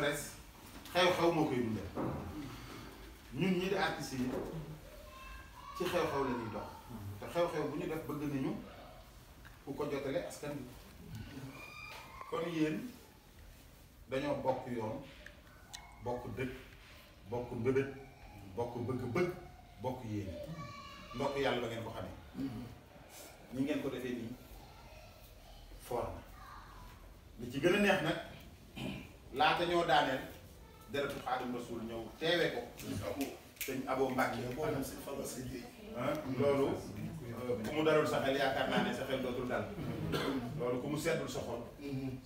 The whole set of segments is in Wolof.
presse xew-xew moo koy dundal ñun ñii di artistes yi ci xew-xew la dox te xew-xew bu ñu def bëgg nañu ku ko jotale askan bi kon yéen dañoo bokk yoon bokk dëkk bokk mbëbët bokk bëgg-bëgg bokk yéen ndokk yàlla la ko xamee ñi ngeen ko defee nii foor na li ci gën a neex nag laata ñoo daaneel deretu xaadim rasul ñëw teewee ko sëñ Abo Mbàkke loolu euh, ku mu dalul sa xel yaakaar naa ne sa xel dootul dal loolu ku mu seddul sa xol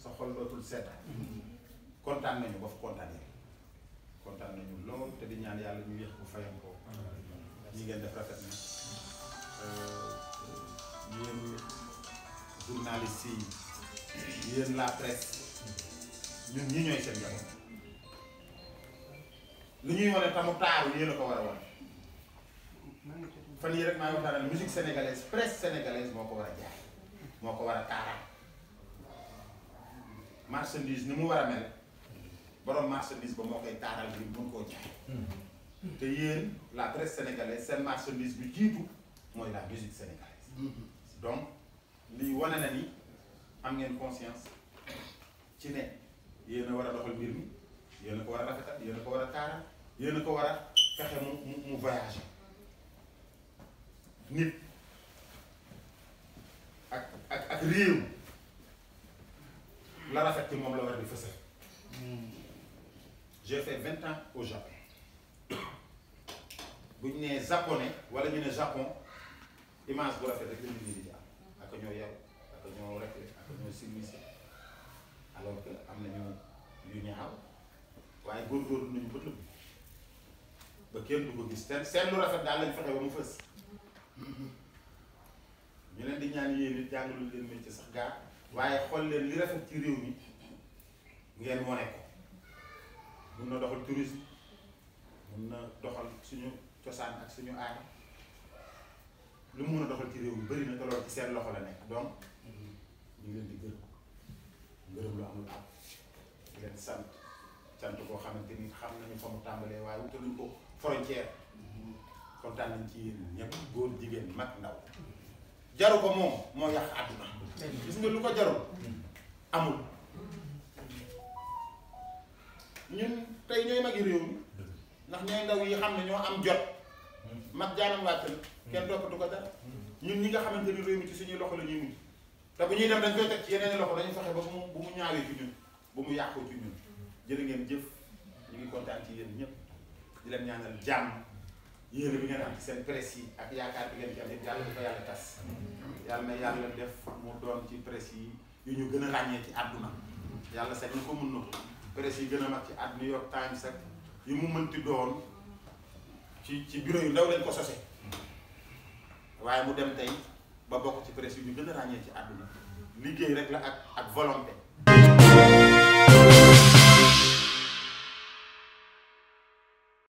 sa xol dootul sedd kontaan nañu ba fu kontaanee kontaan nañu lool te di ñaan yàlla ñu yéex ko fayam ko ñi ngeen def rafet na euh, yéen journaliste yi yéen la presse ñun ñi ñooy seen njaboot lu ñuy wane tamu taaru yéen a ko war a wane fan yii rek maa ngi waxtaan musique sénégalaise presse sénégalaise moo ko war a jaay moo ko war a taaral marchandise ni mu war a mel borom marchandise ba moo koy taaral bi mën koo jaay te yéen la presse sénégalaise seen marchandise bi jiitu mooy la musique sénégalaise donc lii wane na ni am ngeen conscience ci ne yéen a war a doxal mbir mi yéen a ko war a rafetal yéen a ko war a taaral yéen a ko war a fexe mu mu mu voyagé ak ak ak réew la moom la war a di fësal. j'ai fait vingt ans au Japon bu ñu nee japonais wala ñu ne Japon image bu rafet rek la nit ñi di am ak ñoo yaru ak ñoo rafet ak ñoo civilisé. alors que am nañu yu ñaaw waaye góor nañu lu tëb ba kenn du ko gis seen seen lu rafet daal lañ fexe ba mu fës ñu leen di ñaan yéen it jàngalu leen métier sax gaa waaye xool leen li rafet ci réew mi ngeen wane ko mun na doxal tourisme mun na doxal suñu cosaan ak suñu aada lu mu mun a doxal ci réew mi bëri na te loolu ci seen loxo la nekk donc ñu ngi leen di gër ngërëm lu amul àpp di leen sant sant koo xamante ni xam nañu fa mu tàmbalee waaye wutaluñ ko frontière kontaan nañ ci yéen ñëpp góor jigéen mag ndaw jaru ko moom moo yàq àdduna gis nga lu ko jarul amul ñun tey ñooy magi réew ndax ñooy ndaw yi xam ne ñoo am jot mag jaanam wàcc na kenn toppatu ko dara ñun ñi nga xamante ni réew mi ci suñuy loxo la ñuy mujj te bu ñuy dem dañ koy teg ci yeneen loxo dañu fexe ba mu bu mu ñaawee ci ñun ba mu yàqoo ci ñun jërë ngeen jëf ñu ngi kontaan ci yéen ñëpp di leen ñaanal jàmm yéen bi ngeen am ci seen presse yi ak yaakaar bi ngeen ci am yëpp yàlla dafa yàlla tas yàlla na yàlla def mu doon ci presse yi yu ñu gën a ràññee ci àdduna yàlla sax na ko mun na ko presse yi gën a mag ci àdduna New York Times ak yu mu mënti doon ci ci bureau yu ndaw lañ ko sose waaye mu dem tey ba bokk ci presse yi gën a ràññee ci àdduna liggéey rek la ak ak volonté